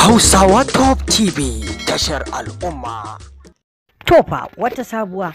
Hausawa Top TV tashar al'umma. Tofa wata sabuwa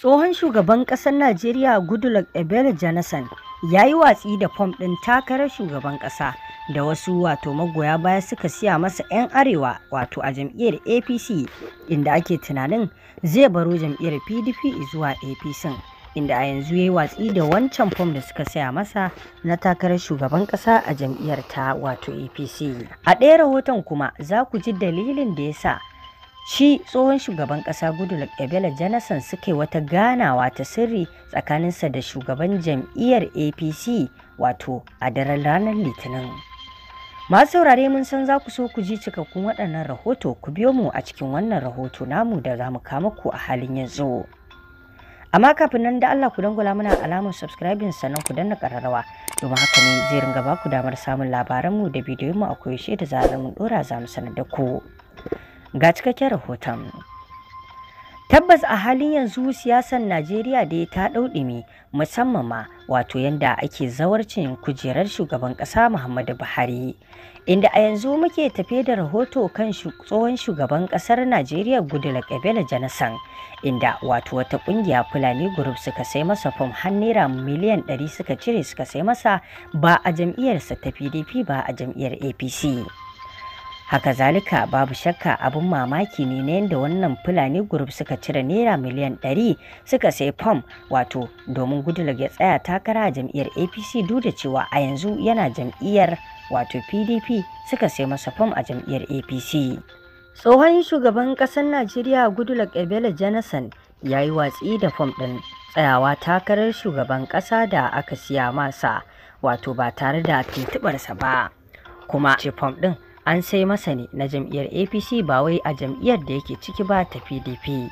tsohon shugaban ƙasar Najeriya Goodluck Ebele Jonathan ya yi watsi da fom ɗin takarar shugaban ƙasa da wasu wato magoya baya suka siya masa 'yan arewa wato a jam'iyyar APC inda ake tunanin zai baro jam'iyyar PDP zuwa APC. inda a yanzu ya yi watsi da wancan fom da suka saya masa na takarar shugaban kasa a jam'iyyar ta wato apc a ɗaya rahoton kuma za ku ji dalilin da ya sa shi tsohon shugaban kasa goodluck ebele jonathan suka wata ganawa ta sirri tsakaninsa da shugaban jam'iyyar apc wato a daren ranar litinin masu saurare mun san za ku so ku ji cikakkun waɗannan rahoto ku biyo mu a cikin wannan rahoto namu da za mu kama ku a halin yanzu. amma kafin nan da Allah ku dangula muna alamar subscribing sannan ku danna kararrawa domin haka ne zai ringa baku damar samun labaranmu da bidiyon mu a koyaushe da zarar mun dora za mu sanar da ku ga cikakken rahoton Tabbas a halin yanzu siyasar Najeriya dai ta ɗau ɗumi musamman ma wato yadda ake zawarcin kujerar shugaban ƙasa Muhammadu Buhari. Inda a yanzu muke tafe da rahoto kan tsohon shugaban ƙasar Najeriya Gudula Ƙabila Janasan inda wato wata ƙungiya Fulani Group suka sai masa fom har naira miliyan ɗari suka cire suka sai masa ba a jam'iyyarsa ta PDP ba a jam'iyyar APC. haka zalika babu shakka abin mamaki ne na yadda wannan fulani group suka cire naira miliyan 100 suka sai fom wato domin goodluck ya tsaya takara a jam'iyyar apc duk da cewa a yanzu yana jam'iyyar wato pdp suka sai masa fom a jam'iyyar apc tsohon shugaban ƙasar najeriya goodluck ebele jonathan ya yi watsi da fom ɗin tsayawa takarar shugaban ƙasa da aka siya masa wato ba tare da tuntuɓarsa ba kuma ce fom ɗin an sai masani na jam'iyyar apc ba wai a jam'iyyar da yake ciki ba ta pdp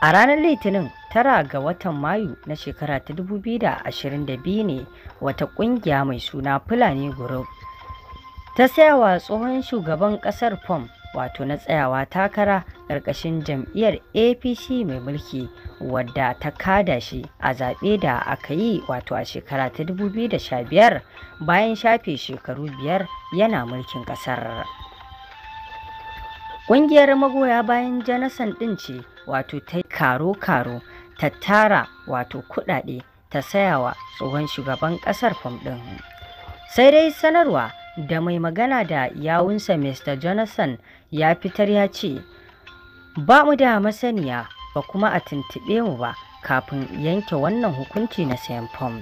a ranar litinin tara ga watan mayu na shekara ta 2022 ne wata kungiya mai suna fulani group ta sayawa tsohon shugaban kasar fom wato na tsayawa takara ƙarƙashin jam'iyyar apc mai mulki wadda ta kada shi a zaɓe da aka yi wato a shekara ta 2015 bayan shafe shekaru biyar yana mulkin ƙasar. Ƙungiyar magoya bayan Janasan ɗin ce wato ta karo-karo ta tara wato kuɗaɗe ta sayawa tsohon shugaban ƙasar fam ɗin. Sai dai sanarwa da mai magana da yawunsa Mr. Jonathan ya fitar ya ce, Ba mu da masaniya ba kuma a tuntuɓe mu ba kafin yanke wannan hukunci na sayan fom.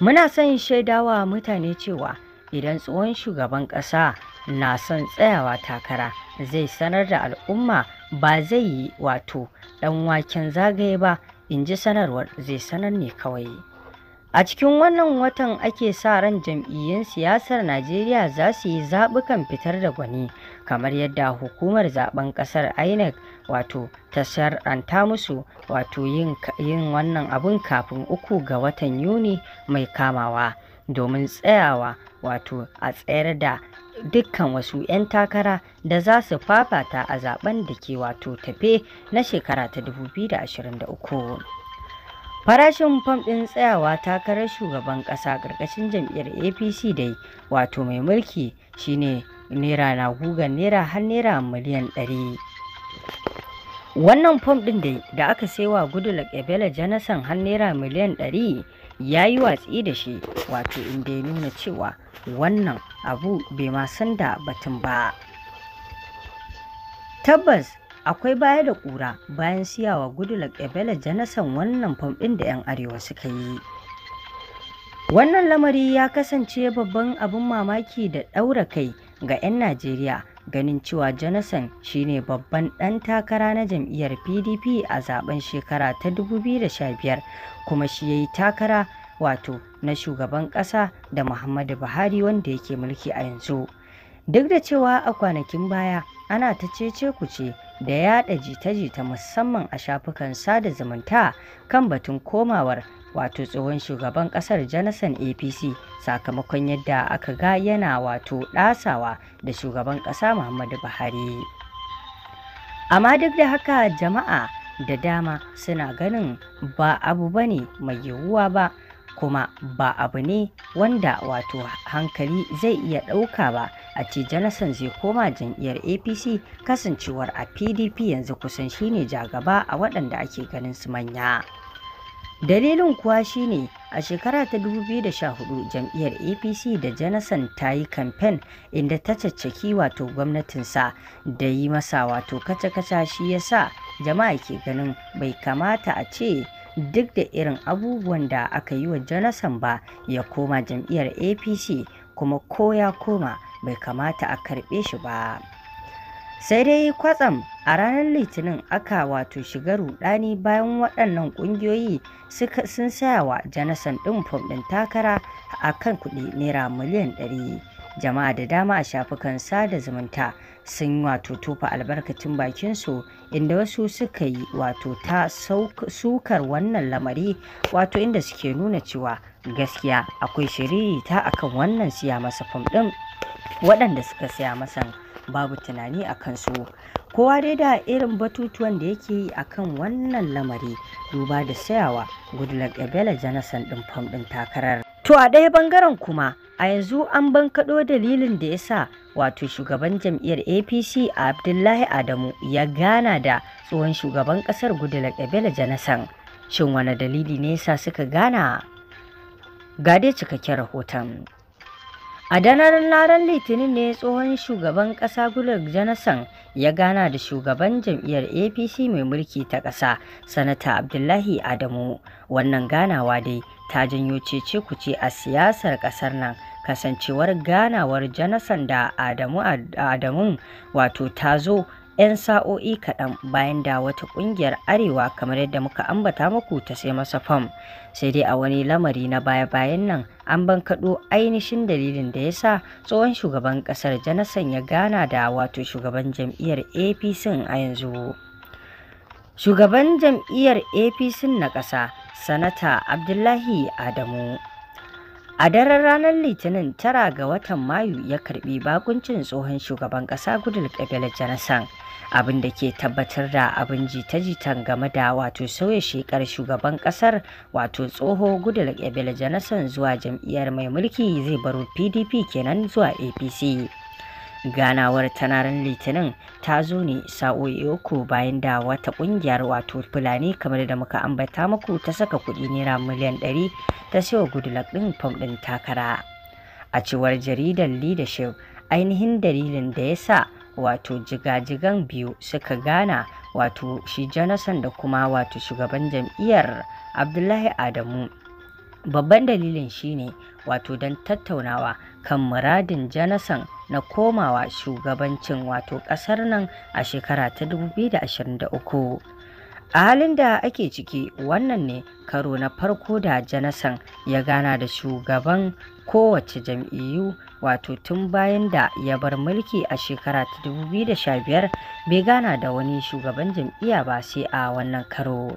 Muna son shaidawa mutane cewa idan tsohon shugaban ƙasa na son tsayawa takara zai sanar da al'umma ba zai yi wato ɗan waken zagaye ba in ji sanarwar zai sanar ne kawai. A cikin wannan watan ake sa ran jam'iyyun siyasar Najeriya za su yi zaɓukan fitar da gwani kamar yadda hukumar zaben ƙasar INEC wato ta shar'anta musu wato yin wannan abun kafin uku ga watan Yuni mai kamawa domin tsayawa wato a tsayar da dukkan wasu 'yan takara da za su fafata a zaben da ke wato tafe na shekara ta 2023. farashin fom ɗin tsayawa takarar shugaban ƙasa ƙarƙashin jam'iyyar apc dai wato mai mulki shine naira na gugan naira har naira miliyan ɗari wannan fom ɗin dai da aka saiwa goodluck ebele janasan har naira miliyan ɗari ya yi watsi da shi wato inda ya nuna cewa wannan abu bai ma sanda batun ba tabbas akwai baya da kura bayan siyawa goodluck ebele janasan wannan fam ɗin da 'yan arewa suka yi wannan lamari ya kasance babban abin mamaki da ɗaura kai ga 'yan najeriya ganin cewa jonathan shine babban ɗan takara na jam'iyyar pdp a zaben shekara ta 2015 kuma shi ya yi takara wato na shugaban ƙasa da muhammadu buhari wanda yake mulki a yanzu duk da cewa a kwanakin baya ana ta cece kuce da yada jita-jita musamman a shafukan sada zumunta kan batun komawar wato tsohon shugaban kasar janison APC sakamakon yadda aka ga yana wato ɗasawa da shugaban kasa Muhammadu Buhari. Amma duk da haka jama'a da dama suna ganin ba abu bane mai yiwuwa ba kuma ba abu ne wanda wato hankali zai iya ɗauka ba a ce jonathan zai koma jam'iyyar apc kasancewar a pdp yanzu kusan shine jagaba a waɗanda ake ganin su manya dalilin kuwa shine a shekara ta 2014 jam'iyyar apc da jonathan ta yi kamfen inda ta caccaki wato gwamnatinsa da yi masa wato kaca-kaca shi ya sa jama'a ke ganin bai kamata a ce duk da irin abubuwan da aka yi wa jonathan ba ya koma jam'iyyar apc kuma ko ya koma bai kamata a karɓe shi ba sai dai kwatsam a ranar litinin aka wato shiga rudani bayan waɗannan ƙungiyoyi sun saya wa janasan ɗin fom ɗin takara a kan kuɗi naira miliyan ɗari. jama'a da dama a shafukan sada zumunta sun wato tofa albarkacin bakinsu inda wasu suka yi wato ta sukar wannan lamari wato inda suke nuna cewa gaskiya akwai shiriri ta akan wannan siya masa fom ɗin waɗanda suka saya masa babu tunani a kansu kowa dai da irin batutuwan da yake yi a kan wannan lamari duba da sayawa goodluck ebele janison ɗin fam ɗin takarar to a ɗaya bangaren kuma a yanzu an bankaɗo dalilin da ya sa wato shugaban jam'iyyar apc abdullahi adamu ya gana da tsohon shugaban ƙasar goodluck ebele janison shin wani dalili ne yasa suka gana ga cikakken rahoton A danar Laran Litinin ne tsohon shugaban kasa Goodluck Jonathan ya gana da shugaban jam'iyyar APC mai mulki ta kasa Sanata Abdullahi Adamu. Wannan ganawa dai ta janyo cece kuce a siyasar kasar nan. Kasancewar ganawar Jonathan da Adamu wato ta zo 'yan sa'o'i kaɗan bayan da wata ƙungiyar arewa kamar yadda muka ambata muku ta sai masa fam sai dai a wani lamari na baya-bayan nan an ban kaɗo ainihin dalilin da ya sa tsohon shugaban ƙasar janasan ya gana da wato shugaban jam'iyyar apc a yanzu shugaban jam'iyyar apc na ƙasa sanata abdullahi adamu A daren ranar Litinin tara ga watan Mayu ya karbi bakuncin tsohon shugaban Kasa Goodluck Ebele Jonathan. abin da ke tabbatar da abin jita-jitan game da wato sauya shekar shugaban kasar wato tsoho goodluck ebele jonathan zuwa jam'iyyar mai mulki zai baro pdp kenan zuwa apc ganawar ta ranar litinin ta zo ne sa'o'i uku bayan da wata kungiyar wato fulani kamar da muka ambata muku ta saka kuɗi naira miliyan 100 ta sayo gudulak ɗin fam ɗin takara a cewar jaridar leadership ainihin dalilin da ya sa wato jigajigan biyu suka gana wato shi jonathan da kuma wato shugaban jam'iyyar abdullahi adamu babban dalilin shine wato don tattaunawa kan muradin jonathan na komawa shugabancin wato ƙasar nan a shekara ta 2023 a halin da ake ciki wannan ne karo na farko da janasan ya gana da shugaban kowace jam'iyyu wato tun bayan da ya bar mulki a shekara ta 2015 bai gana da wani shugaban jam'iyya ba sai a wannan karo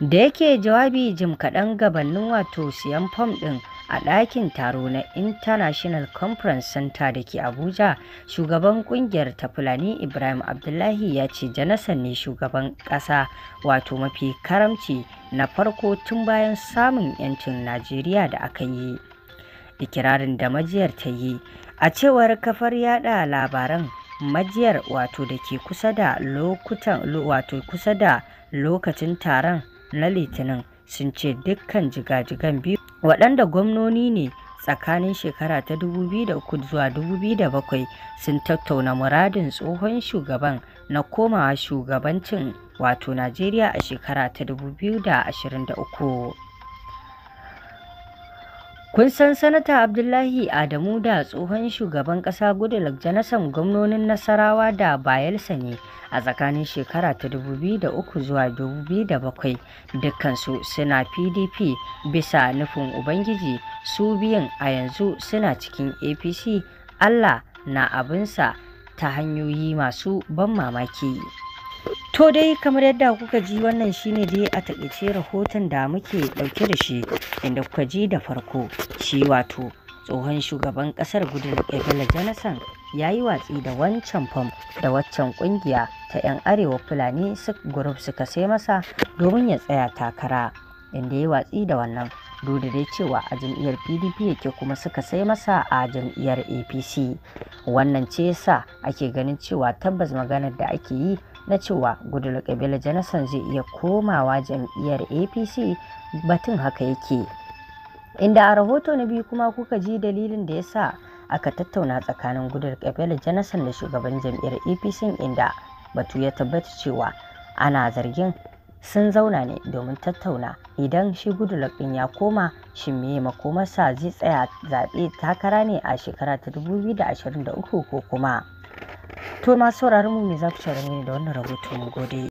da yake jawabi jim kaɗan gabanin wato siyan fom ɗin a ɗakin taro na international conference center da ke abuja shugaban kungiyar ta fulani ibrahim abdullahi ya ce janasan ne shugaban ƙasa wato mafi karamci na farko tun bayan samun 'yancin najeriya da aka yi ikirarin da majiyar ta yi a cewar kafar yada labaran majiyar wato da ke kusa da lokacin taron na litinin sun ce dukkan jigajigan biyu waɗanda gwamnoni ne tsakanin shekara ta 2003 zuwa 2007 sun tattauna muradin tsohon shugaban na komawa shugabancin wato najeriya a shekara ta 2023 Kun san Sanata Abdullahi Adamu da tsohon shugaban ƙasa Goodluck Jonathan gwamnonin Nasarawa da Bayelsa ne a tsakanin shekara ta 2003 zuwa 2007 dukkansu suna PDP bisa nufin Ubangiji su biyan a yanzu suna cikin APC Allah na abinsa ta hanyoyi masu ban mamaki. to dai kamar yadda kuka ji wannan shine dai a takaice rahoton da muke dauke da shi inda kuka ji da farko shi wato tsohon shugaban kasar gudun ebola jonathan ya yi watsi da wancan fam da waccan kungiya ta 'yan arewa fulani group suka sai masa domin ya tsaya takara inda ya yi watsi da wannan dole dai cewa a jam'iyyar pdp yake kuma suka sai masa a jam'iyyar apc wannan ce yasa ake ganin cewa tabbas maganar da ake yi na cewa goodluck kabilar jonathan zai iya komawa jam'iyyar apc batun haka yake inda a rahoto na biyu kuma kuka ji dalilin da ya sa aka tattauna tsakanin goodluck kabilar jonathan da shugaban jam'iyyar apc inda batu ya tabbata cewa ana zargin sun zauna ne domin tattauna idan shi goodluck din ya koma shi meye makomarsa zai tsaya zaɓe takara ne a shekara ta 2023 ko kuma To masu sauraron mu me za ku ce da wannan rahoton mun gode.